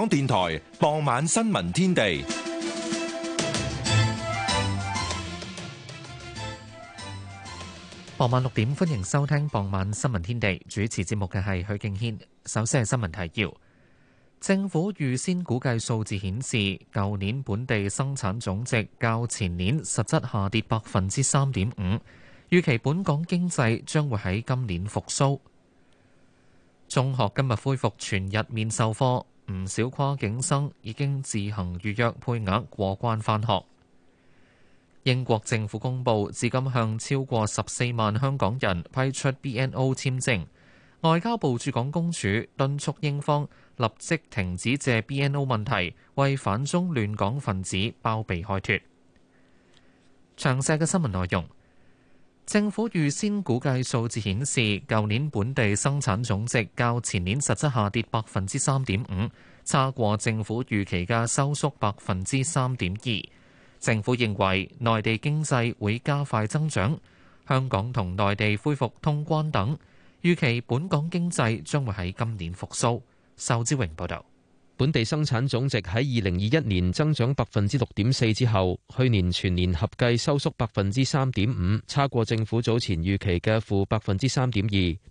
港電台傍晚新聞天地，傍晚六點，歡迎收聽傍晚新聞天地。主持節目嘅係許敬軒。首先係新聞提要：政府預先估計數字顯示，舊年本地生產總值較前年實質下跌百分之三點五。預期本港經濟將會喺今年復甦。中學今日恢復全日面授課。唔少跨境生已經自行預約配額過關返學。英國政府公布至今，向超過十四萬香港人批出 BNO 簽證。外交部駐港公署敦促英方立即停止借 BNO 問題，為反中亂港分子包庇開脫。詳細嘅新聞內容：政府預先估計數字顯示，舊年本地生產總值較前年實質下跌百分之三點五。差過政府預期嘅收縮百分之三點二。政府認為內地經濟會加快增長，香港同內地恢復通關等，預期本港經濟將會喺今年復蘇。仇志榮報道。本地生產總值喺二零二一年增長百分之六點四之後，去年全年合計收縮百分之三點五，差過政府早前預期嘅負百分之三點二。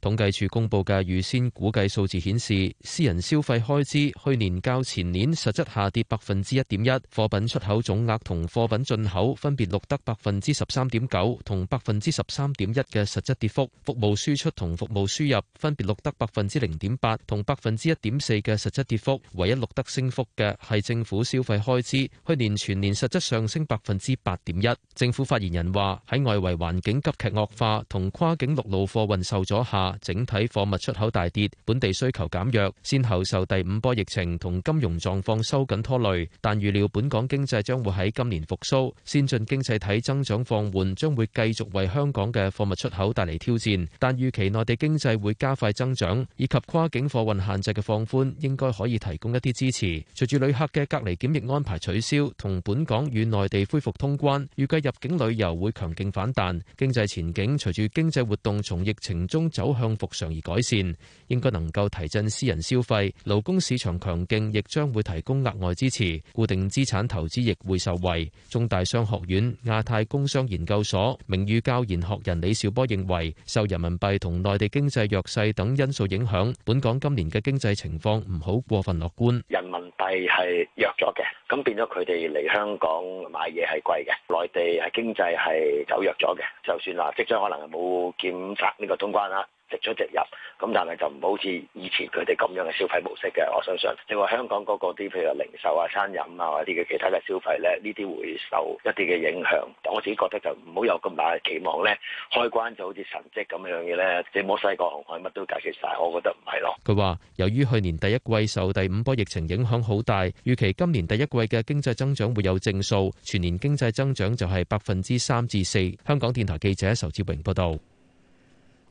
統計處公布嘅預先估計數字顯示，私人消費開支去年較前年實質下跌百分之一點一，貨品出口總額同貨品進口分別錄得百分之十三點九同百分之十三點一嘅實質跌幅，服務輸出同服務輸入分別錄得百分之零點八同百分之一點四嘅實質跌幅，唯一錄得升幅嘅係政府消費開支，去年全年實質上升百分之八點一。政府發言人話：喺外圍環境急劇惡，惡化同跨境陸路貨運受阻下，整體貨物出口大跌，本地需求減弱，先後受第五波疫情同金融狀況收緊拖累。但預料本港經濟將會喺今年復蘇，先進經濟體增長放緩將會繼續為香港嘅貨物出口帶嚟挑戰。但預期內地經濟會加快增長，以及跨境貨運限制嘅放寬，應該可以提供一啲。支持。隨住旅客嘅隔離檢疫安排取消，同本港與內地恢復通關，預計入境旅遊會強勁反彈，經濟前景隨住經濟活動從疫情中走向復常而改善，應該能夠提振私人消費。勞工市場強勁，亦將會提供額外支持。固定資產投資亦會受惠。中大商學院亞太工商研究所名譽教研學人李兆波認為，受人民幣同內地經濟弱勢等因素影響，本港今年嘅經濟情況唔好過分樂觀。人民幣係弱咗嘅，咁變咗佢哋嚟香港買嘢係貴嘅。內地係經濟係走弱咗嘅，就算啦，即將可能係冇檢測呢個通關啦。直出直入，咁但係就唔好似以前佢哋咁樣嘅消費模式嘅。我相信，即係話香港嗰個啲，譬如話零售啊、餐飲啊，或啲嘅其他嘅消費咧，呢啲會受一啲嘅影響。但我自己覺得就唔好有咁大嘅期望咧，開關就好似神蹟咁樣嘅咧，即係摩西過紅海乜都解決晒，我覺得唔係咯。佢話：由於去年第一季受第五波疫情影響好大，預期今年第一季嘅經濟增長會有正數，全年經濟增長就係百分之三至四。香港電台記者仇志榮報導。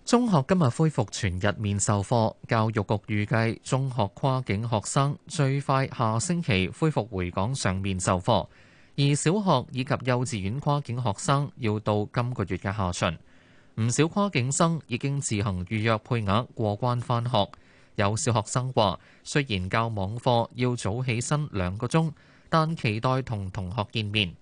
中學今日恢復全日面授課，教育局預計中學跨境學生最快下星期恢復回港上面授課，而小學以及幼稚園跨境學生要到今個月嘅下旬。唔少跨境生已經自行預約配額過關返學。有小學生話：雖然教網課要早起身兩個鐘，但期待同同學見面。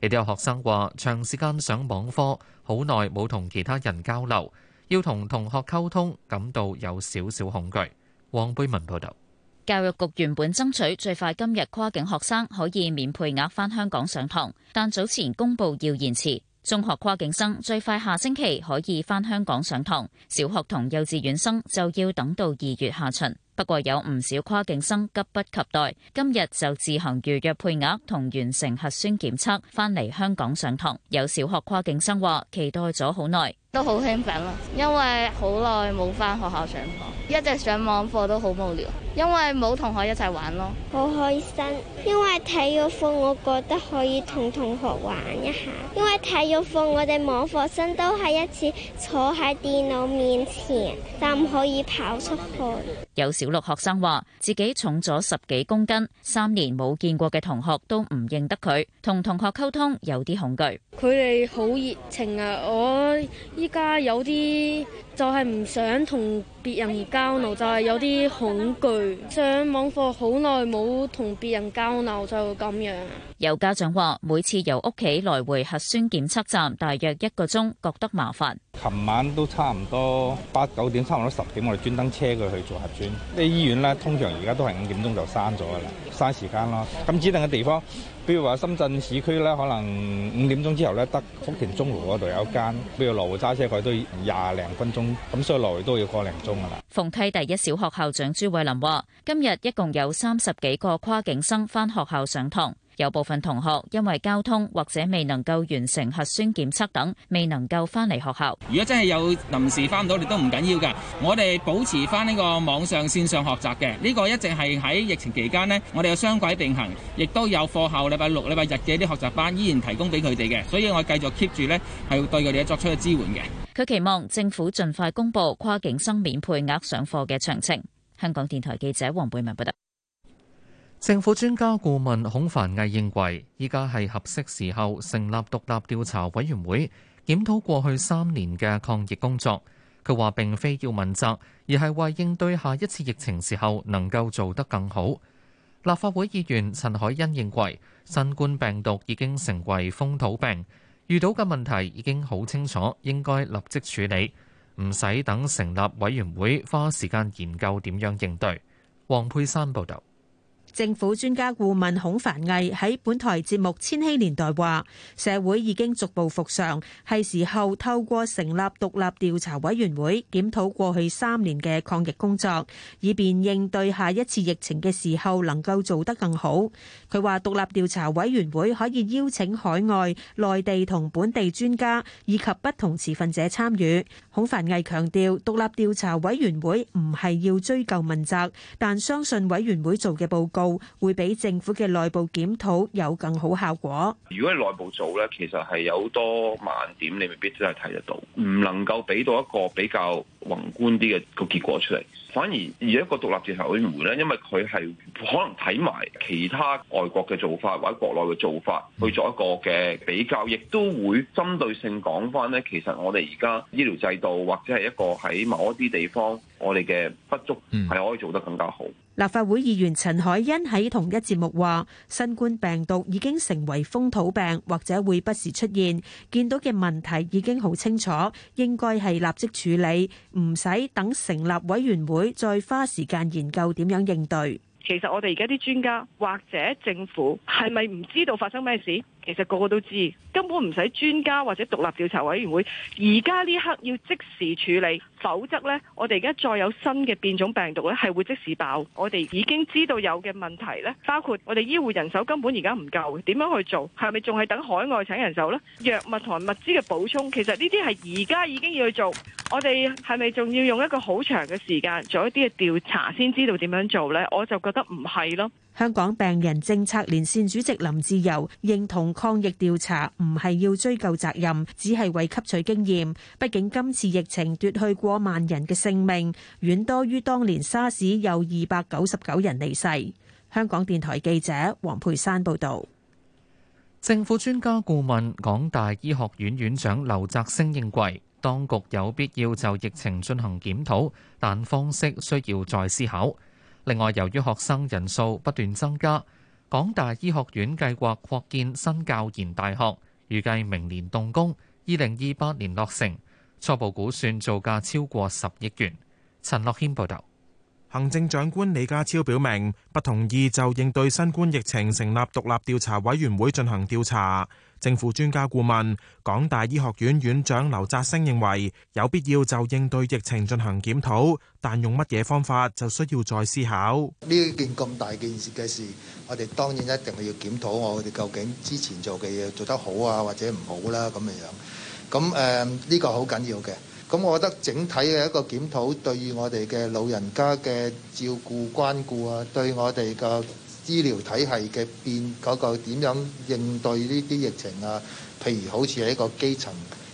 亦都有學生話：長時間上網課好耐冇同其他人交流。要同同學溝通，感到有少少恐懼。黃貝文報導，教育局原本爭取最快今日跨境學生可以免配額返香港上堂，但早前公佈要延遲。中學跨境生最快下星期可以返香港上堂，小學同幼稚園生就要等到二月下旬。不過有唔少跨境生急不及待，今日就自行預約配額同完成核酸檢測，返嚟香港上堂。有小學跨境生話：期待咗好耐。都好興奮咯，因為好耐冇翻學校上課，一直上網課都好無聊，因為冇同學一齊玩咯。好開心，因為體育課我覺得可以同同學玩一下，因為體育課我哋網課生都係一次坐喺電腦面前，但唔可以跑出去。有小六學生話自己重咗十幾公斤，三年冇見過嘅同學都唔認得佢，同同學溝通有啲恐懼。佢哋好熱情啊，我。依家有啲就係唔想同。別人而交流就係有啲恐懼，上網課好耐冇同別人交流就咁樣。有家長話：每次由屋企來回核酸檢測站大約一個鐘，覺得麻煩。琴晚都差唔多八九點，差唔多十點，我哋專登車佢去做核酸。啲醫院咧，通常而家都係五點鐘就閂咗噶啦，嘥時間咯。咁指定嘅地方，比如話深圳市區咧，可能五點鐘之後咧，得福田中路嗰度有一間。比如羅湖揸車佢都要廿零分鐘，咁所以來回都要個零鐘。鳳溪第一小學校長朱慧林話，今日一共有三十幾個跨境生返學校上堂。有部分同學因為交通或者未能夠完成核酸檢測等，未能夠翻嚟學校。如果真係有臨時翻唔到，你都唔緊要㗎。我哋保持翻呢個網上線上學習嘅，呢個一直係喺疫情期間呢，我哋有雙軌並行，亦都有課後禮拜六、禮拜日嘅啲學習班，依然提供俾佢哋嘅。所以我繼續 keep 住呢，係對佢哋作出嘅支援嘅。佢期望政府盡快公布跨境生免配額上課嘅詳情。香港電台記者黃貝文報道。政府專家顧問孔凡毅認為，依家係合適時候成立獨立調查委員會，檢討過去三年嘅抗疫工作。佢話：並非要問責，而係為應對下一次疫情時候能夠做得更好。立法會議員陳海欣認為，新冠病毒已經成為風土病，遇到嘅問題已經好清楚，應該立即處理，唔使等成立委員會花時間研究點樣應對。黃佩珊報導。政府專家顧問孔繁毅喺本台節目《千禧年代》話：社會已經逐步復常，係時候透過成立獨立調查委員會，檢討過去三年嘅抗疫工作，以便應對下一次疫情嘅時候能夠做得更好。佢話：獨立調查委員會可以邀請海外、內地同本地專家以及不同持份者參與。孔繁毅強調，獨立調查委員會唔係要追究問責，但相信委員會做嘅報告。會比政府嘅內部檢討有更好效果。如果係內部做咧，其實係有好多盲點，你未必真係睇得到，唔能夠俾到一個比較宏觀啲嘅個結果出嚟。反而而一個獨立調查委員會咧，因為佢係可能睇埋其他外國嘅做法或者國內嘅做法，去做一個嘅比較，亦都會針對性講翻咧。其實我哋而家醫療制度或者係一個喺某一啲地方我哋嘅不足，係可以做得更加好。嗯立法會議員陳海欣喺同一節目話，新冠病毒已經成為風土病，或者會不時出現，見到嘅問題已經好清楚，應該係立即處理，唔使等成立委員會再花時間研究點樣應對。其實我哋而家啲專家，或者政府，係咪唔知道發生咩事?其實個個都知，根本唔使專家或者獨立調查委員會。而家呢刻要即時處理，否則呢，我哋而家再有新嘅變種病毒呢係會即時爆。我哋已經知道有嘅問題呢，包括我哋醫護人手根本而家唔夠，點樣去做？係咪仲係等海外請人手呢？藥物同物資嘅補充，其實呢啲係而家已經要去做。我哋係咪仲要用一個好長嘅時間做一啲嘅調查先知道點樣做呢？我就覺得唔係咯。香港病人政策連線主席林志游認同抗疫調查唔係要追究責任，只係為吸取經驗。畢竟今次疫情奪去過萬人嘅性命，遠多於當年沙士有二百九十九人離世。香港電台記者黃佩珊報道。政府專家顧問港大醫學院院長劉澤聲認為，當局有必要就疫情進行檢討，但方式需要再思考。另外，由於學生人數不斷增加，港大醫學院計劃擴建新教研大學，預計明年動工，二零二八年落成，初步估算造價超過十億元。陳樂軒報導。行政長官李家超表明，不同意就應對新冠疫情成立獨立調查委員會進行調查。政府專家顧問、港大醫學院院長劉澤星認為有必要就應對疫情進行檢討，但用乜嘢方法就需要再思考。呢一件咁大件事嘅事，我哋當然一定係要檢討我哋究竟之前做嘅嘢做得好啊，或者唔好啦咁嘅樣。咁誒呢個好緊要嘅。咁我覺得整體嘅一個檢討，對於我哋嘅老人家嘅照顧關顧啊，對我哋嘅醫療體系嘅變嗰個點樣應對呢啲疫情啊？譬如好似喺個基層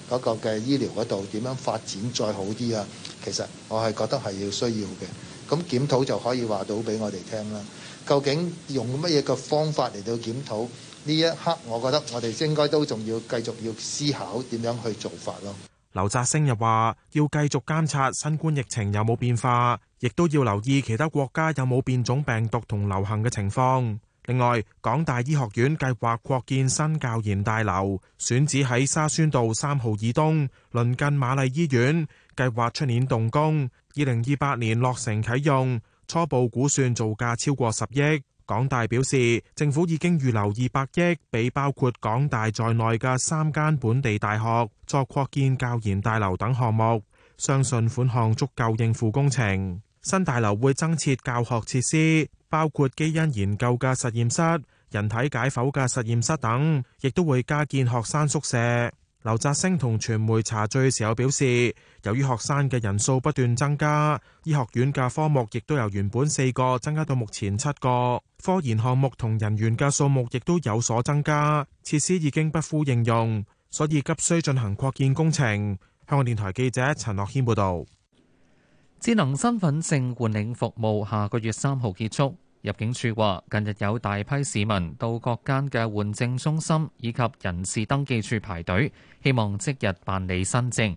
嗰個嘅醫療嗰度點樣發展再好啲啊？其實我係覺得係要需要嘅，咁檢討就可以話到俾我哋聽啦。究竟用乜嘢嘅方法嚟到檢討呢一刻？我覺得我哋應該都仲要繼續要思考點樣去做法咯。劉澤星又話：要繼續監察新冠疫情有冇變化。亦都要留意其他國家有冇變種病毒同流行嘅情況。另外，港大醫學院計劃擴建新教研大樓，選址喺沙宣道三號以東，鄰近瑪麗醫院，計劃出年動工，二零二八年落成啟用。初步估算造價超過十億。港大表示，政府已經預留二百億俾包括港大在內嘅三間本地大學作擴建教研大樓等項目，相信款項足夠應付工程。新大樓會增設教學設施，包括基因研究嘅實驗室、人體解剖嘅實驗室等，亦都會加建學生宿舍。劉澤星同傳媒茶敘時有表示，由於學生嘅人數不斷增加，醫學院嘅科目亦都由原本四個增加到目前七個，科研項目同人員嘅數目亦都有所增加，設施已經不敷應用，所以急需進行擴建工程。香港電台記者陳樂軒報導。智能身份證換領服務下個月三號結束。入境處話，近日有大批市民到各間嘅換證中心以及人事登記處排隊，希望即日辦理新證。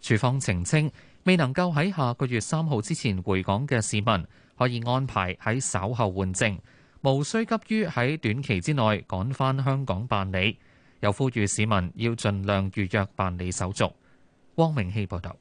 處方澄清，未能夠喺下個月三號之前回港嘅市民，可以安排喺稍後換證，無需急於喺短期之內趕返香港辦理。又呼籲市民要儘量預約辦理手續。汪明希報道。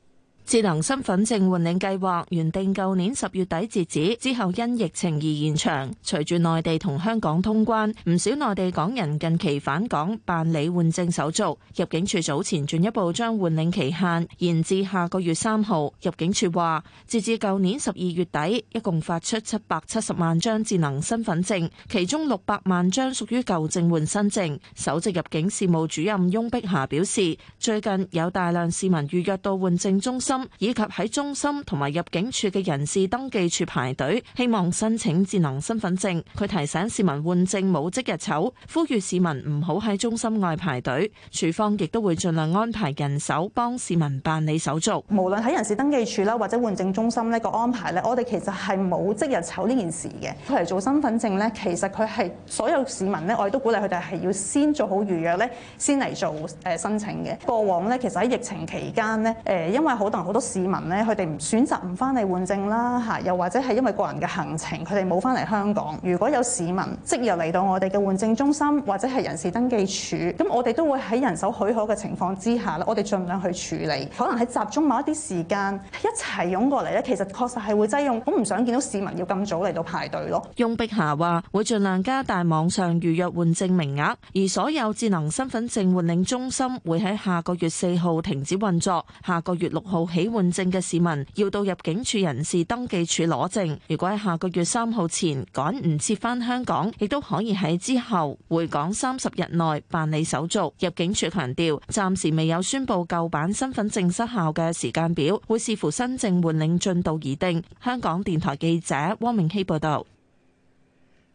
智能身份證換領計劃原定舊年十月底截止，之後因疫情而延長，隨住內地同香港通關，唔少內地港人近期返港辦理換證手續，入境處早前進一步將換領期限延至下個月三號。入境處話截至舊年十二月底，一共發出七百七十萬張智能身份證，其中六百萬張屬於舊證換新證。首席入境事務主任翁碧霞表示，最近有大量市民預約到換證中心，以及喺中心同埋入境處嘅人事登記處排隊，希望申請智能身份證。佢提醒市民換證冇即日籌，呼籲市民唔好喺中心外排隊。處方亦都會盡量安排人手幫市民辦理手續。無論喺人事登記處啦，或者換證中心呢個安排咧，我哋其實係冇即日籌呢件事嘅。佢嚟做身份證咧，其實佢係所有市民咧，我哋都鼓勵佢哋係要先做好預約咧，先嚟做誒申請嘅。過往咧，其實喺疫情期間咧，誒，因為好多人。好多市民呢，佢哋唔選擇唔翻嚟換證啦，吓，又或者係因為個人嘅行程，佢哋冇翻嚟香港。如果有市民即日嚟到我哋嘅換證中心，或者係人事登記處，咁我哋都會喺人手許可嘅情況之下呢，我哋盡量去處理。可能喺集中某一啲時間一齊湧過嚟呢，其實確實係會擠擁，我唔想見到市民要咁早嚟到排隊咯。翁碧霞話，會盡量加大網上預約換證名額，而所有智能身份證換領中心會喺下個月四號停止運作，下個月六號。起換證嘅市民要到入境處人事登記處攞證。如果喺下個月三號前趕唔切返香港，亦都可以喺之後回港三十日內辦理手續。入境處強調，暫時未有宣布舊版身份證失效嘅時間表，會視乎新證換領進度而定。香港電台記者汪明希報道。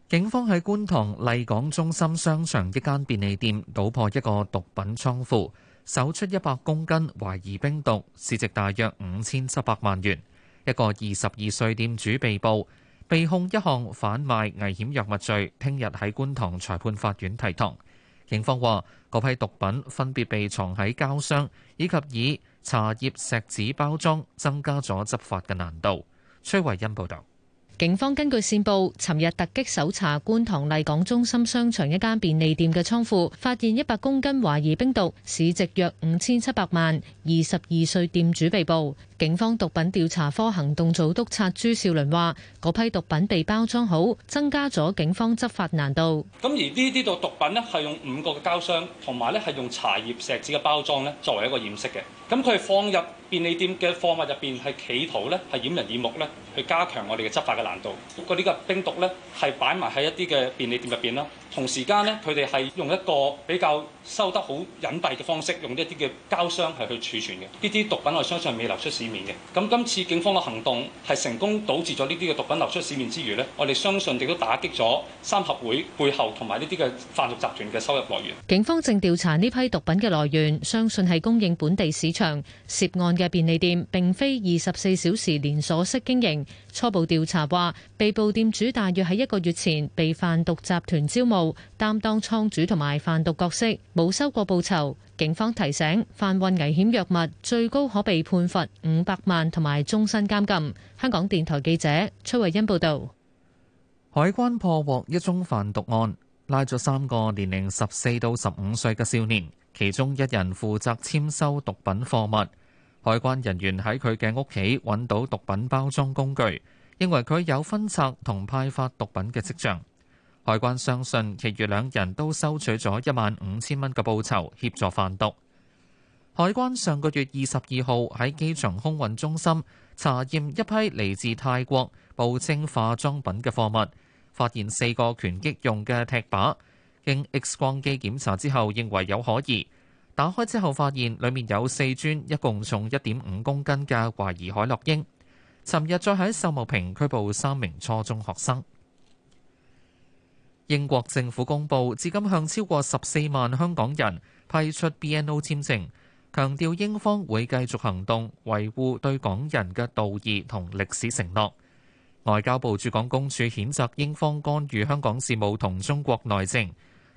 警方喺觀塘麗港中心商場一間便利店搗破一個毒品倉庫。搜出一百公斤懷疑冰毒，市值大約五千七百萬元。一個二十二歲店主被捕，被控一項販賣危險藥物罪，聽日喺觀塘裁判法院提堂。警方話，嗰批毒品分別被藏喺膠箱以及以茶葉錫紙包裝，增加咗執法嘅難度。崔慧恩報道。警方根據線報，尋日突擊搜查觀塘麗港中心商場一間便利店嘅倉庫，發現一百公斤懷疑冰毒，市值約五千七百萬，二十二歲店主被捕。警方毒品調查科行動組督，督察朱少麟話，嗰批毒品被包裝好，增加咗警方執法難度。咁而呢啲毒品呢，係用五個嘅膠箱，同埋咧係用茶葉、錫紙嘅包裝咧，作為一個掩飾嘅。咁佢放入便利店嘅貨物入邊，係企圖咧係掩人耳目咧，去加強我哋嘅執法嘅難度。不過呢個冰毒咧，係擺埋喺一啲嘅便利店入邊啦。同時間呢，佢哋係用一個比較收得好隱蔽嘅方式，用一啲嘅膠箱係去儲存嘅。呢啲毒品我相信未流出市。咁今次警方嘅行動係成功堵截咗呢啲嘅毒品流出市面之餘呢，我哋相信亦都打擊咗三合會背後同埋呢啲嘅販毒集團嘅收入來源。警方正調查呢批毒品嘅來源，相信係供應本地市場。涉案嘅便利店並非二十四小時連鎖式經營。初步調查話，被捕店主大約喺一個月前被販毒集團招募，擔當倉主同埋販毒角色，冇收過報酬。警方提醒，販運危險藥物最高可被判罰五百萬同埋終身監禁。香港電台記者崔慧欣報導，海關破獲一宗販毒案，拉咗三個年齡十四到十五歲嘅少年，其中一人負責簽收毒品貨物。海關人員喺佢嘅屋企揾到毒品包裝工具，認為佢有分拆同派發毒品嘅跡象。海關相信，其餘兩人都收取咗一萬五千蚊嘅報酬協助販毒。海關上個月二十二號喺機場空運中心查驗一批嚟自泰國報稱化妝品嘅貨物，發現四個拳擊用嘅踢靶，經 X 光機檢查之後認為有可疑，打開之後發現裡面有四磚，一共重一點五公斤嘅懷疑海洛因。尋日再喺秀茂坪拘捕三名初中學生。英國政府公布，至今向超過十四萬香港人派出 BNO 簽證，強調英方會繼續行動，維護對港人嘅道義同歷史承諾。外交部駐港公署譴責英方干預香港事務同中國內政，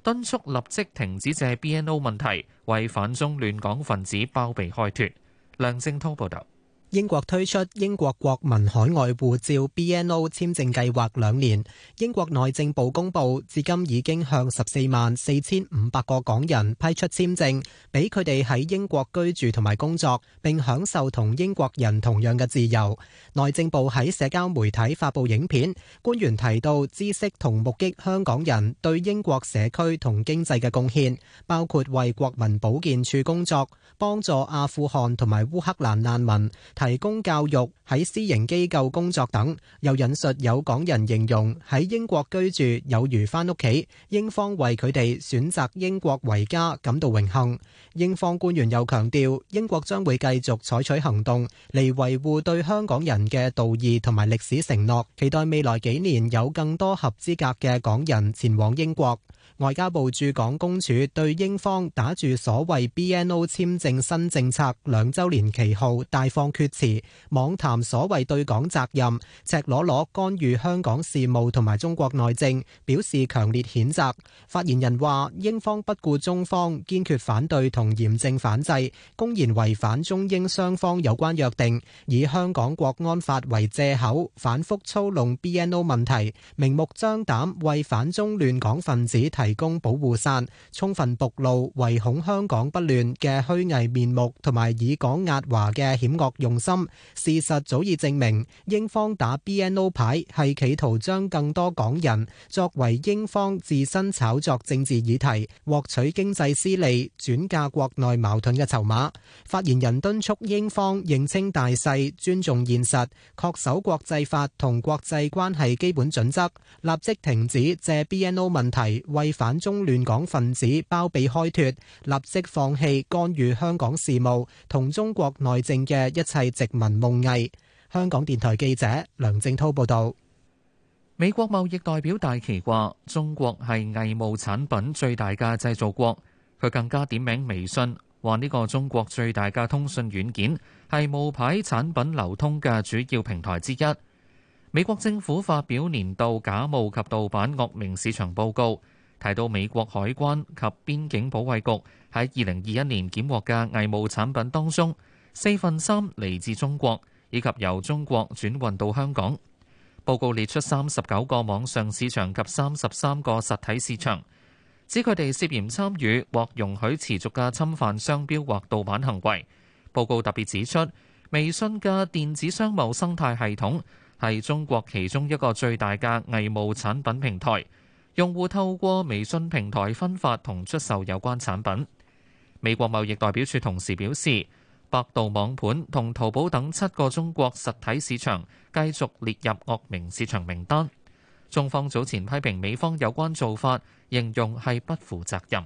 敦促立即停止借 BNO 問題為反中亂港分子包庇開脱。梁正濤報道。英國推出英國國民海外護照 （BNO） 簽證計劃兩年，英國內政部公布，至今已經向十四萬四千五百個港人批出簽證，俾佢哋喺英國居住同埋工作，並享受同英國人同樣嘅自由。內政部喺社交媒體發布影片，官員提到知識同目擊香港人對英國社區同經濟嘅貢獻，包括為國民保健處工作、幫助阿富汗同埋烏克蘭難民。提供教育、喺私營機構工作等，又引述，有港人形容喺英國居住，有如翻屋企，英方為佢哋選擇英國為家感到榮幸。英方官員又強調，英國將會繼續採取行動嚟維護對香港人嘅道義同埋歷史承諾，期待未來幾年有更多合資格嘅港人前往英國。外交部駐港公署對英方打著所謂 BNO 簽證新政策兩週年旗號，大放厥詞，妄談所謂對港責任，赤裸裸干預香港事務同埋中國內政，表示強烈譴責。發言人話：英方不顧中方堅決反對同嚴正反制，公然違反中英雙方有關約定，以香港國安法為借口，反覆操弄 BNO 問題，明目張膽為反中亂港分子提提供保護傘，充分暴露唯恐香港不亂嘅虛偽面目，同埋以港壓華嘅險惡用心。事實早已證明，英方打 BNO 牌係企圖將更多港人作為英方自身炒作政治議題、獲取經濟私利、轉嫁國內矛盾嘅籌碼。發言人敦促英方認清大勢，尊重現實，恪守國際法同國際關係基本準則，立即停止借 BNO 問題為反中亂港分子包庇開脫，立即放棄干預香港事務同中國內政嘅一切殖民夢藝。香港電台記者梁正滔報導。美國貿易代表戴琪話：中國係偽冒產品最大嘅製造國。佢更加點名微信，話呢個中國最大嘅通訊軟件係冒牌產品流通嘅主要平台之一。美國政府發表年度假冒及盜版惡名市場報告。提到美國海關及邊境保衛局喺二零二一年檢獲嘅偽冒產品當中，四分三嚟自中國，以及由中國轉運到香港。報告列出三十九個網上市場及三十三個實體市場，指佢哋涉嫌參與或容許持續嘅侵犯商標或盜版行為。報告特別指出，微信嘅電子商務生態系統係中國其中一個最大嘅偽冒產品平台。用戶透過微信平台分發同出售有關產品。美國貿易代表處同時表示，百度網盤同淘寶等七個中國實體市場繼續列入惡名市場名單。中方早前批評美方有關做法，形容係不負責任。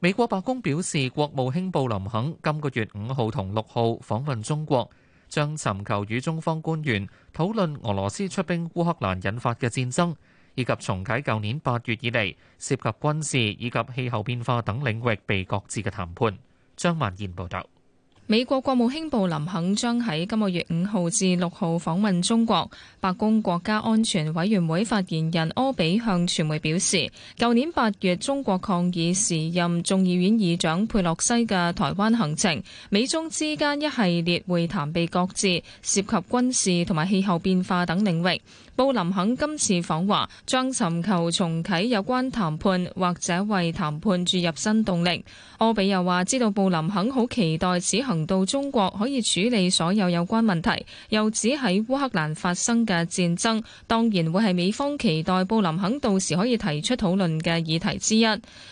美國白宮表示，國務卿布林肯今個月五號同六號訪問中國。將尋求與中方官員討論俄羅斯出兵烏克蘭引發嘅戰爭，以及重啟舊年八月以嚟涉及軍事以及氣候變化等領域被擱置嘅談判。張曼燕報導。美國國務卿布林肯將喺今個月五號至六號訪問中國。白宮國家安全委員會發言人柯比向傳媒表示，舊年八月中國抗議時任眾議院議長佩洛西嘅台灣行程，美中之間一系列會談被擱置，涉及軍事同埋氣候變化等領域。布林肯今次訪華將尋求重啟有關談判，或者為談判注入新動力。柯比又話，知道布林肯好期待此行。到中國可以處理所有有關問題，又指喺烏克蘭發生嘅戰爭，當然會係美方期待布林肯到時可以提出討論嘅議題之一。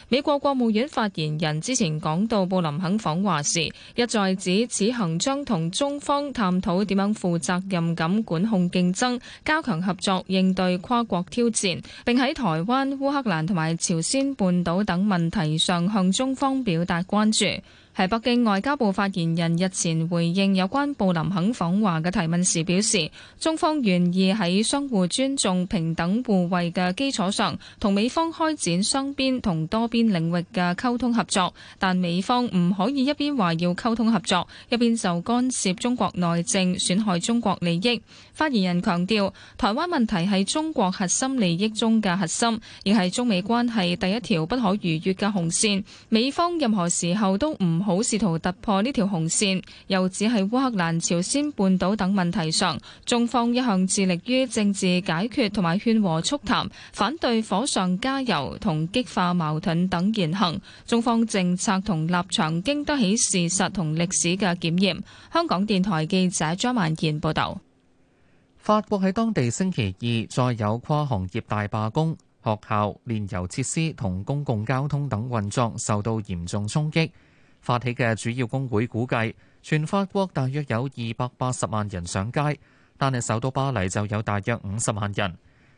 美國國務院發言人之前講到布林肯訪華時，一再指此行將同中方探討點樣負責任咁管控競爭，加強合作應對跨國挑戰，並喺台灣、烏克蘭同埋朝鮮半島等問題上向中方表達關注。喺北京外交部發言人日前回應有關布林肯訪華嘅提問時表示，中方願意喺相互尊重、平等互惠嘅基礎上，同美方開展雙邊同多邊領域嘅溝通合作。但美方唔可以一邊話要溝通合作，一邊就干涉中國內政、損害中國利益。發言人強調，台灣問題係中國核心利益中嘅核心，亦係中美關係第一條不可逾越嘅紅線，美方任何時候都唔好試圖突破呢條紅線。又指係烏克蘭、朝鮮半島等問題上，中方一向致力於政治解決同埋勸和促談，反對火上加油同激化矛盾等言行。中方政策同立場經得起事實同歷史嘅檢驗。香港電台記者張萬健報道。法國喺當地星期二再有跨行業大罷工，學校、煉油設施同公共交通等運作受到嚴重衝擊。發起嘅主要工會估計，全法國大約有二百八十萬人上街，但係首都巴黎就有大約五十萬人。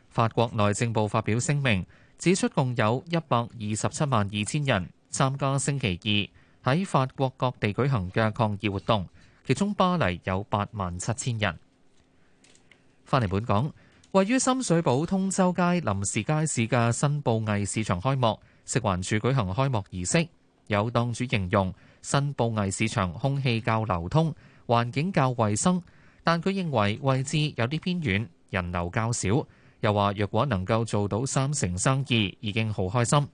法國內政部發表聲明，指出共有一百二十七萬二千人參加星期二喺法國各地舉行嘅抗議活動，其中巴黎有八萬七千人。翻嚟本港，位於深水埗通州街臨時街市嘅新布藝市場開幕，食環署舉行開幕儀式。有檔主形容新布藝市場空氣較流通、環境較衞生，但佢認為位置有啲偏遠，人流較少。又話若果能夠做到三成生意，已經好開心。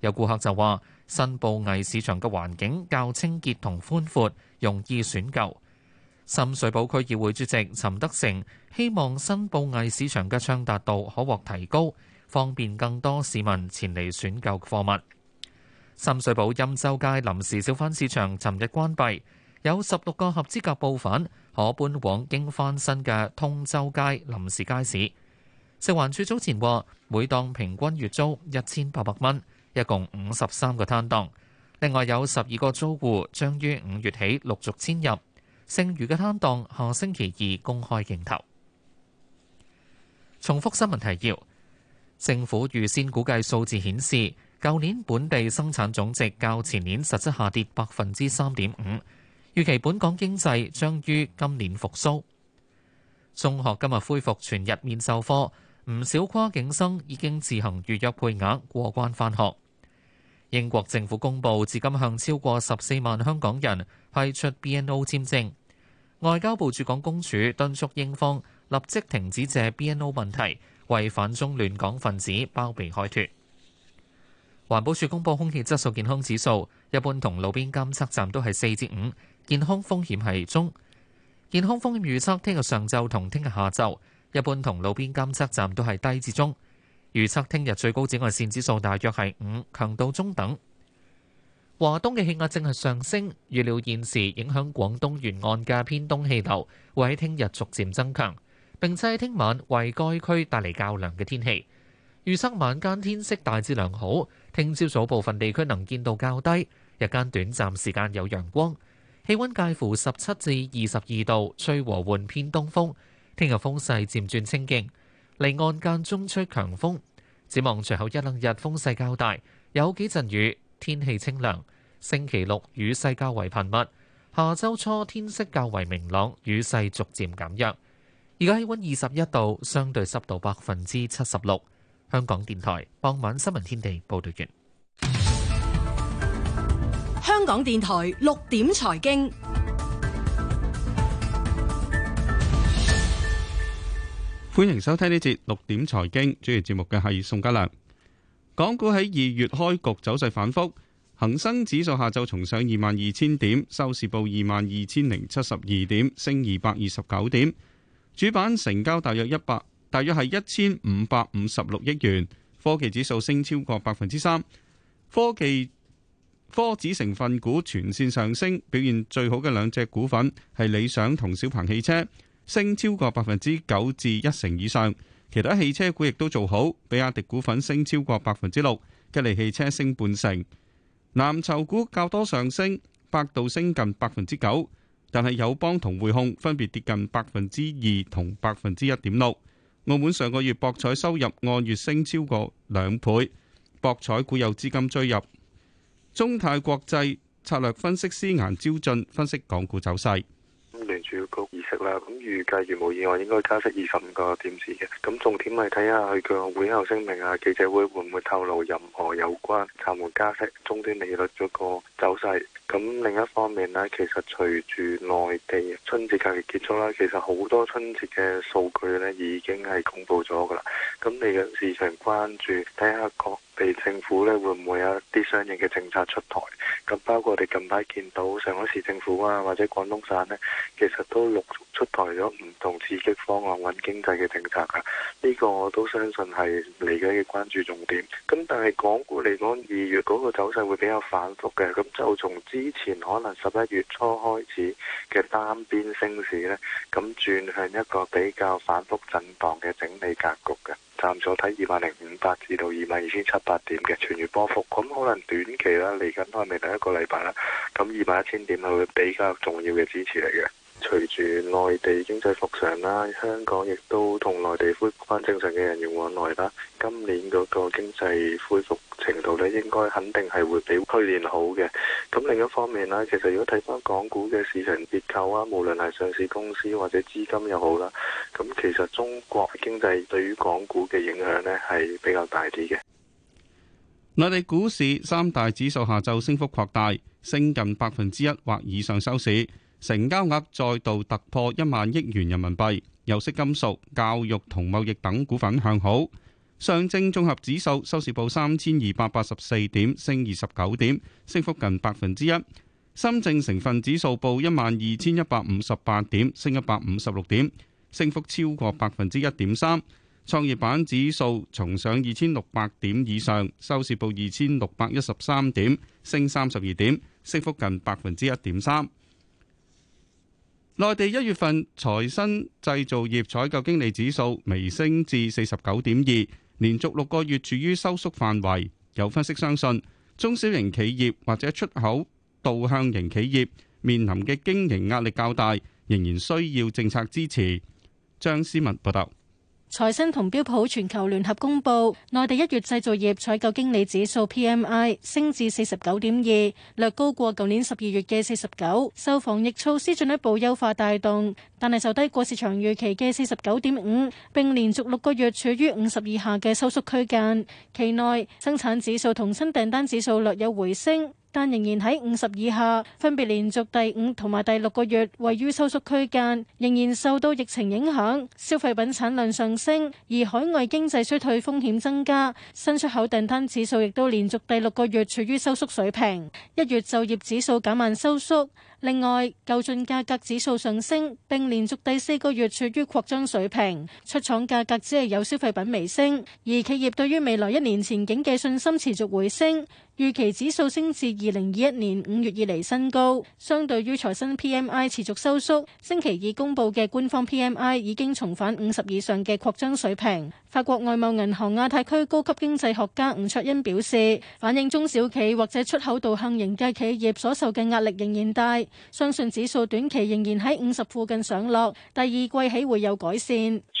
有顧客就話新布藝市場嘅環境較清潔同寬闊，容易選購。深水埗區議會主席陳德成希望新布藝市場嘅暢達度可獲提高，方便更多市民前嚟選購貨物。深水埗欽州街臨時小販市場尋日關閉，有十六個合資格報販可搬往經翻新嘅通州街臨時街市。食環署早前話，每檔平均月租一千八百蚊，一共五十三個攤檔。另外有十二個租戶將於五月起陸續遷入，剩餘嘅攤檔下星期二公開競投。重複新聞提要：政府預先估計數字顯示。舊年本地生產總值較前年實質下跌百分之三點五。預期本港經濟將於今年復甦。中學今日恢復全日面授課，唔少跨境生已經自行預約配額過關返學。英國政府公布，至今向超過十四萬香港人派出 BNO 簽證。外交部駐港公署敦促英方立即停止借 BNO 問題，為反中亂港分子包庇開脫。環保署公布空氣質素健康指數，一般同路邊監測站都係四至五，健康風險係中。健康風險預測聽日上晝同聽日下晝，一般同路邊監測站都係低至中。預測聽日最高紫外線指數大約係五，強度中等。華東嘅氣壓正係上升，預料現時影響廣東沿岸嘅偏東氣流會喺聽日逐漸增強，並且喺聽晚為該區帶嚟較涼嘅天氣。預測晚間天色大致良好。聽朝早部分地區能見度較低，日間短暫時間有陽光，氣温介乎十七至二十二度，吹和緩偏東風，聽日風勢漸轉清勁，離岸間中吹強風。展望最後一兩日風勢較大，有幾陣雨，天氣清涼。星期六雨勢較為頻密，下周初天色較為明朗，雨勢逐漸減弱。而家氣温二十一度，相對濕度百分之七十六。香港電台傍晚新聞天地報道完。香港電台六點財經，歡迎收聽呢節六點財經，主持節目嘅係宋家良。港股喺二月開局走勢反復，恒生指數下晝重上二萬二千點，收市報二萬二千零七十二點，升二百二十九點，主板成交大約一百。大約係一千五百五十六億元。科技指數升超過百分之三，科技科指成分股全線上升，表現最好嘅兩隻股份係理想同小鵬汽車，升超過百分之九至一成以上。其他汽車股亦都做好，比亞迪股份升超過百分之六，吉利汽車升半成。藍籌股較多上升，百度升近百分之九，但係友邦同匯控分別跌近百分之二同百分之一點六。澳門上個月博彩收入按月升超過兩倍，博彩股有資金追入。中泰國際策略分析師顏招駿分析港股走勢。啦，咁預計如無意外應該加息二十五個點子嘅，咁重點係睇下佢嘅會後聲明啊，記者會會唔會透露任何有關暫緩加息、終端利率嗰個走勢？咁另一方面呢，其實隨住內地春節假期結束啦，其實好多春節嘅數據呢已經係公布咗噶啦，咁你嘅市場關注睇下各，看看各地政府呢會唔會有一啲相應嘅政策出台？咁包括我哋近排見到上海市政府啊，或者廣東省呢，其實都陸續出台咗唔同刺激方案穩經濟嘅政策啊，呢、這個我都相信係嚟緊嘅關注重點。咁但係港股嚟講，二月嗰個走勢會比較反復嘅，咁就從之前可能十一月初開始嘅單邊升市呢，咁轉向一個比較反復震蕩嘅整理格局嘅。暫咗睇二萬零五百至到二萬二千七百點嘅全月波幅，咁可能短期啦嚟緊都係未第一個禮拜啦，咁二萬一千點係會比較重要嘅支持嚟嘅。隨住內地經濟復常啦，香港亦都同內地恢復翻正常嘅人員往來啦。今年嗰個經濟恢復程度呢，應該肯定係會比去年好嘅。咁另一方面呢，其實如果睇翻港股嘅市場結構啊，無論係上市公司或者資金又好啦，咁其實中國經濟對於港股嘅影響呢係比較大啲嘅。內地股市三大指數下晝升幅擴大，升近百分之一或以上收市。成交額再度突破一萬億元人民幣，有色金屬、教育同貿易等股份向好。上證綜合指數收市報三千二百八十四點，升二十九點，升幅近百分之一。深證成分指數報一萬二千一百五十八點，升一百五十六點，升幅超過百分之一點三。創業板指數重上二千六百點以上，收市報二千六百一十三點，升三十二點，升幅近百分之一點三。內地一月份財新製造業採購經理指數微升至四十九點二，連續六個月處於收縮範圍。有分析相信，中小型企業或者出口導向型企業面臨嘅經營壓力較大，仍然需要政策支持。張思文報道。財新同標普全球聯合公布，內地一月製造業採購經理指數 P M I 升至四十九點二，略高過舊年十二月嘅四十九，受防疫措施進一步優化帶動，但係就低過市場預期嘅四十九點五，並連續六個月處於五十以下嘅收縮區間。期內生產指數同新訂單指數略有回升。但仍然喺五十以下，分別連續第五同埋第六個月位於收縮區間，仍然受到疫情影響。消費品產量上升，而海外經濟衰退風險增加，新出口訂單指數亦都連續第六個月處於收縮水平。一月就業指數減慢收縮。另外，購進價格指數上升並連續第四個月處於擴張水平，出廠價格只係有消費品微升，而企業對於未來一年前景嘅信心持續回升，預期指數升至二零二一年五月以嚟新高。相對於財新 PMI 持續收縮，星期二公佈嘅官方 PMI 已經重返五十以上嘅擴張水平。法國外貿銀行亞太區高級經濟學家吳卓恩表示，反映中小企或者出口導向型嘅企業所受嘅壓力仍然大。相信指數短期仍然喺五十附近上落，第二季起會有改善。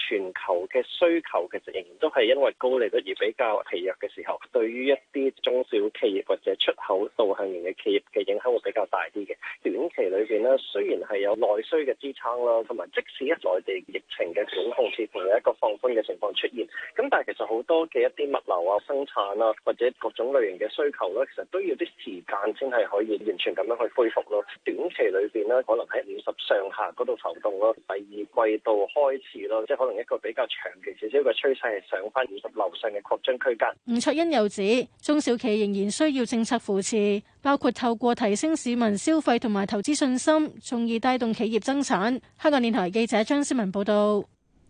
全球嘅需求其實仍然都係因為高利率而比較疲弱嘅時候，對於一啲中小企業或者出口導向型嘅企業嘅影響會比較大啲嘅。短期裏邊咧，雖然係有內需嘅支撐啦，同埋即使一內地疫情嘅管控似乎有一個放寬嘅情況出現，咁但係其實好多嘅一啲物流啊、生產啊或者各種類型嘅需求咧，其實都要啲時間先係可以完全咁樣去恢復咯。短期裏邊咧，可能喺五十上下嗰度浮動咯。第二季度開始咯，即係可能一個比較長期少少嘅趨勢係上翻五十樓上嘅擴張區間。吳卓欣又指，中小企仍然需要政策扶持，包括透過提升市民消費同埋投資信心，從而帶動企業增產。香港電台記者張思文報道。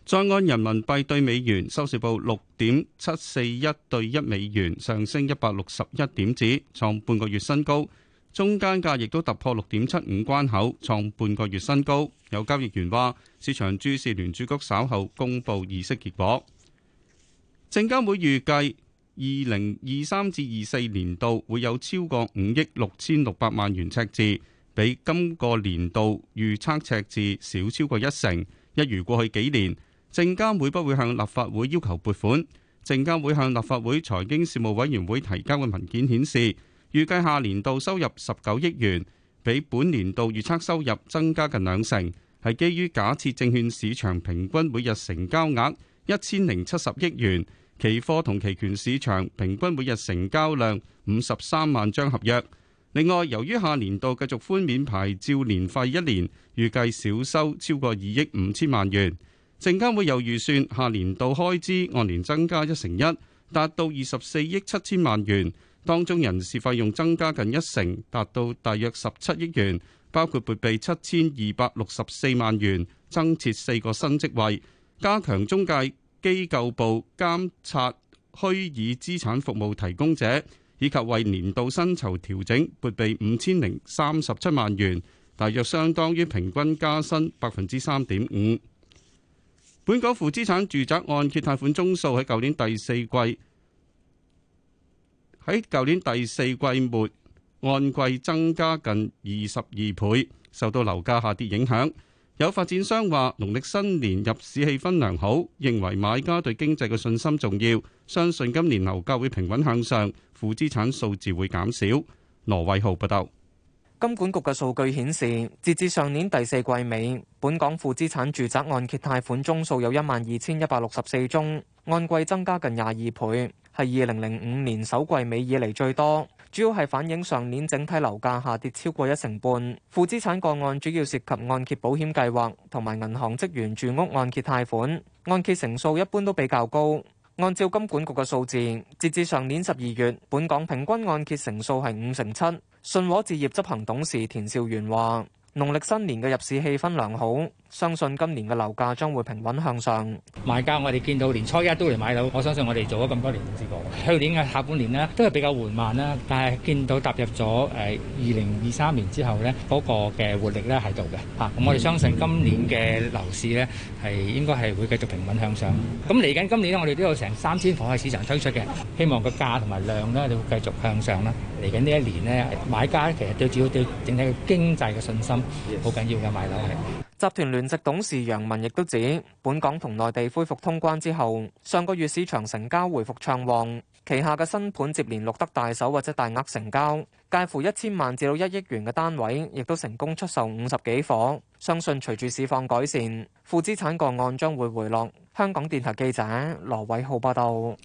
在岸人民幣對美元收市報六點七四一對一美元，上升一百六十一點子，創半個月新高。中間價亦都突破六點七五關口，創半個月新高。有交易員話：市場注視聯儲局稍後公佈議息結果。證監會預計二零二三至二四年度會有超過五億六千六百萬元赤字，比今個年度預測赤字少超過一成。一如過去幾年，證監會不會向立法會要求撥款。證監會向立法會財經事務委員會提交嘅文件顯示。預計下年度收入十九億元，比本年度預測收入增加近兩成，係基於假設證券市場平均每日成交額一千零七十億元，期貨同期權市場平均每日成交量五十三萬張合約。另外，由於下年度繼續寬免牌照年費一年，預計少收超過二億五千萬元。證監會又預算下年度開支按年增加一成一，達到二十四億七千萬元。當中人事費用增加近一成，達到大約十七億元，包括撥備七千二百六十四萬元，增設四個新職位，加強中介機構部監察虛擬資，資產服務提供者，以及為年度薪酬調整撥備五千零三十七萬元，大約相當於平均加薪百分之三點五。本港負資產住宅按揭貸款宗數喺舊年第四季。喺舊年第四季末，按季增加近二十二倍。受到樓價下跌影響，有發展商話農曆新年入市氣氛良好，認為買家對經濟嘅信心重要，相信今年樓價會平穩向上，負資產數字會減少。羅偉豪報道。金管局嘅數據顯示，截至上年第四季尾，本港負資產住宅按揭貸款宗數有一萬二千一百六十四宗，按季增加近廿二倍，係二零零五年首季尾以嚟最多。主要係反映上年整體樓價下跌超過一成半，負資產個案主要涉及按揭保險計劃同埋銀行職員住屋按揭貸款，按揭成數一般都比較高。按照金管局嘅數字，截至上年十二月，本港平均按揭成數係五成七。信和置業執行董事田兆元話，農曆新年嘅入市氣氛良好。相信今年嘅樓價將會平穩向上。買家，我哋見到年初一都嚟買樓，我相信我哋做咗咁多年都知過。去年嘅下半年呢都係比較緩慢啦，但係見到踏入咗誒二零二三年之後呢，嗰個嘅活力呢喺度嘅嚇。咁我哋相信今年嘅樓市呢係應該係會繼續平穩向上。咁嚟緊今年呢，我哋都有成三千房喺市場推出嘅，希望個價同埋量呢就會繼續向上啦。嚟緊呢一年呢，買家其實最主要對整體嘅經濟嘅信心好緊要嘅，買樓係。集團聯席董事楊文亦都指，本港同內地恢復通關之後，上個月市場成交回復暢旺，旗下嘅新盤接連錄得大手或者大額成交，介乎一千萬至到一億元嘅單位亦都成功出售五十幾伙。相信隨住市況改善，負資產個案將會回落。香港電台記者羅偉浩報道。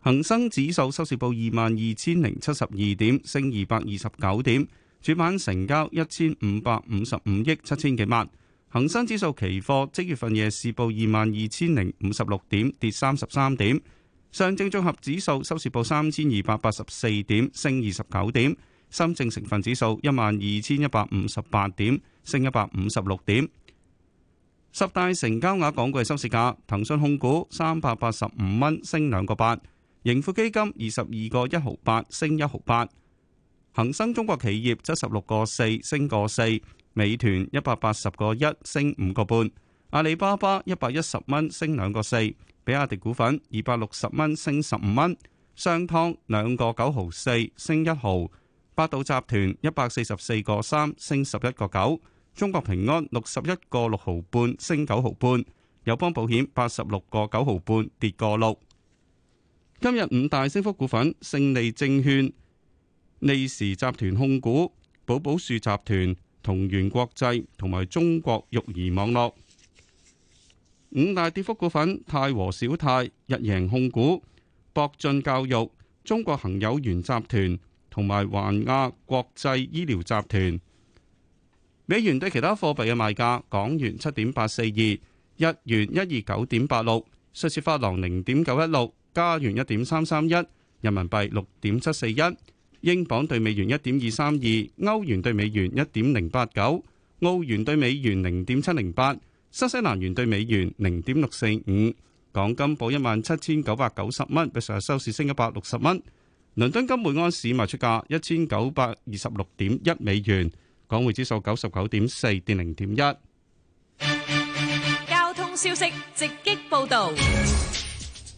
恒生指數收市報二萬二千零七十二點，升二百二十九點，主板成交一千五百五十五億七千幾萬。恒生指數期貨即月份夜市報二萬二千零五十六點，跌三十三點。上證綜合指數收市報三千二百八十四點，升二十九點。深證成分指數一萬二千一百五十八點，升一百五十六點。十大成交額港股收市價：騰訊控股三百八十五蚊，升兩個八；盈富基金二十二個一毫八，升一毫八；恒生中國企業七十六個四，升個四。美團一百八十個一升五個半，阿里巴巴一百一十蚊升兩個四，比亞迪股份二百六十蚊升十五蚊，商湯兩個九毫四升一毫，百度集團一百四十四個三升十一個九，中國平安六十一個六毫半升九毫半，友邦保險八十六個九毫半跌個六。今日五大升幅股份：勝利證券、利時集團控股、寶寶樹集團。同源國際同埋中國育兒網絡五大跌幅股份：泰和小泰、日盈控股、博進教育、中國恆友源集團同埋環亞國際醫療集團。美元對其他貨幣嘅賣價：港元七點八四二，日元一二九點八六，瑞士法郎零點九一六，加元一點三三一，人民幣六點七四一。英鎊兌美元一點二三二，歐元兌美元一點零八九，澳元兌美元零點七零八，新西蘭元兌美元零點六四五。港金報一萬七千九百九十蚊，比上日收市升一百六十蚊。倫敦金每安士賣出價一千九百二十六點一美元。港匯指數九十九點四跌零點一。交通消息直擊報道。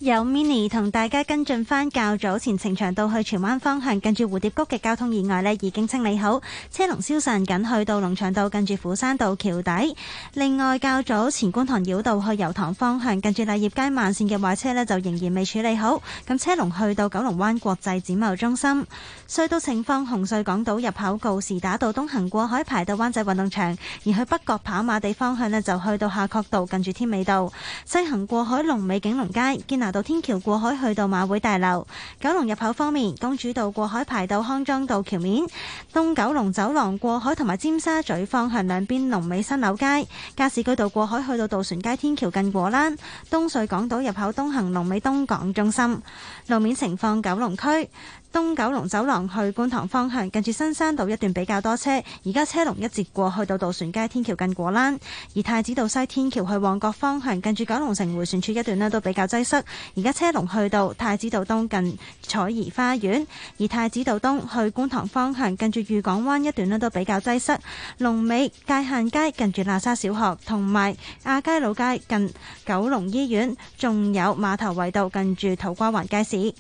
有 mini 同大家跟進返較早前呈祥道去荃灣方向，近住蝴蝶谷嘅交通意外咧已經清理好，車龍消散緊，去到龍翔道近住斧山道橋底。另外，較早前觀塘繞道去油塘方向，近住偉業街慢線嘅壞車咧就仍然未處理好，咁車龍去到九龍灣國際展貿中心隧道情況，紅隧港島入口告士打道東行過海排到灣仔運動場，而去北角跑馬地方向咧就去到夏慤道近住添美道，西行過海龍尾景隆街堅到天橋過海去到馬會大樓，九龍入口方面，公主道過海排到康莊道橋面，東九龍走廊過海同埋尖沙咀方向兩邊龍尾新樓街，加士居道過海去到渡船街天橋近果欄，東隧港島入口東行龍尾東港中心路面情況，九龍區。東九龍走廊去觀塘方向，近住新山道一段比較多車，而家車龍一直過去，去到渡船街天橋近果欄；而太子道西天橋去旺角方向，近住九龍城回旋處一段咧都比較擠塞，而家車龍去到太子道東近彩怡花園；而太子道東去觀塘方向，近住御港灣一段咧都比較擠塞。龍尾界限街近住喇沙小學，同埋亞皆老街近九龍醫院，仲有碼頭圍道近住土瓜灣街市。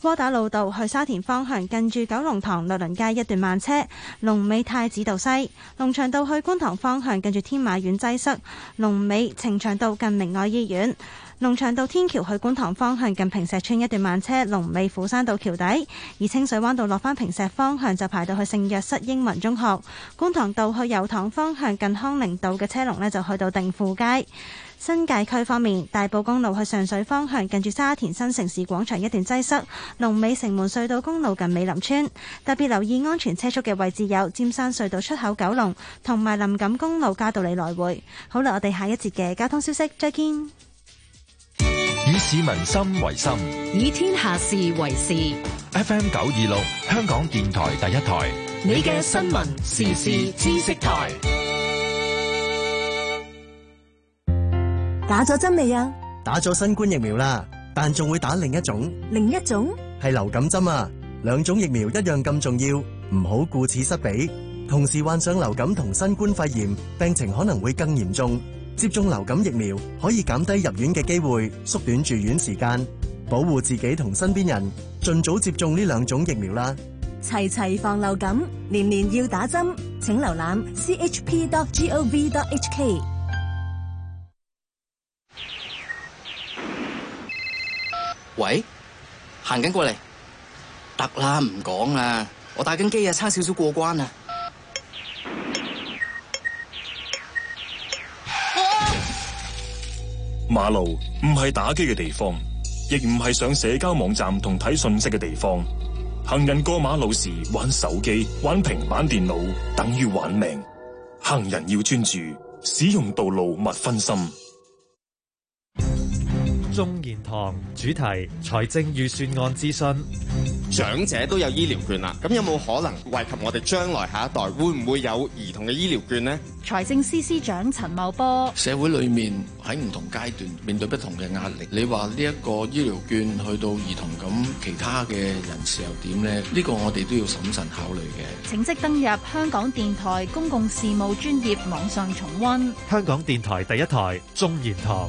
窩打老道去沙田方向，近住九龍塘樂倫街一段慢車，龍尾太子道西；龍翔道去觀塘方向，近住天馬苑擠塞，龍尾呈祥道近明愛醫院；龍翔道天橋去觀塘方向，近坪石村一段慢車，龍尾斧山道橋底；而清水灣道落返坪石方向就排到去聖若瑟英文中學；觀塘道去油塘方向，近康寧道嘅車龍呢，就去到定富街。新界區方面，大埔公路去上水方向近住沙田新城市廣場一段擠塞，龍尾城門隧道公路近美林村。特別留意安全車速嘅位置有尖山隧道出口九龍同埋林錦公路嘉道理來回。好啦，我哋下一節嘅交通消息再見。以市民心為心，以天下事為事。F M 九二六，香港電台第一台，你嘅新聞時事知識台。打咗針未啊？打咗新冠疫苗啦，但仲會打另一種。另一種？係流感針啊！兩種疫苗一樣咁重要，唔好顧此失彼。同時患上流感同新冠肺炎，病情可能會更嚴重。接種流感疫苗可以減低入院嘅機會，縮短住院時間，保護自己同身邊人。盡早接種呢兩種疫苗啦！齊齊防流感，年年要打針。請瀏覽 chp.gov.hk。喂，行緊過嚟，得啦，唔講啦，我打緊機啊，差少少過關啊。馬路唔係打機嘅地方，亦唔係上社交網站同睇信息嘅地方。行人過馬路時玩手機、玩平板電腦，等於玩命。行人要專注，使用道路勿分心。忠言堂主題財政預算案諮詢，長者都有醫療券啦，咁有冇可能惠及我哋將來下一代？會唔會有兒童嘅醫療券呢？財政司司長陳茂波，社會裏面喺唔同階段面對不同嘅壓力，你話呢一個醫療券去到兒童咁，其他嘅人士又點呢？呢個我哋都要審慎考慮嘅。請即登入香港電台公共事務專業網上重溫。香港電台第一台忠言堂。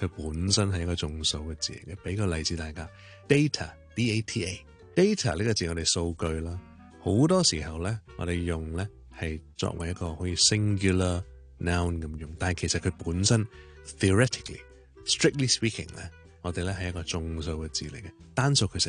佢本身係一個眾數嘅字嚟嘅，俾個例子大家，data，d-a-t-a，data 呢個字我哋數據啦，好多時候咧我哋用咧係作為一個好似 singular noun 咁用，但係其實佢本身 theoretically，strictly speaking 咧，我哋咧係一個眾數嘅字嚟嘅，單數佢係。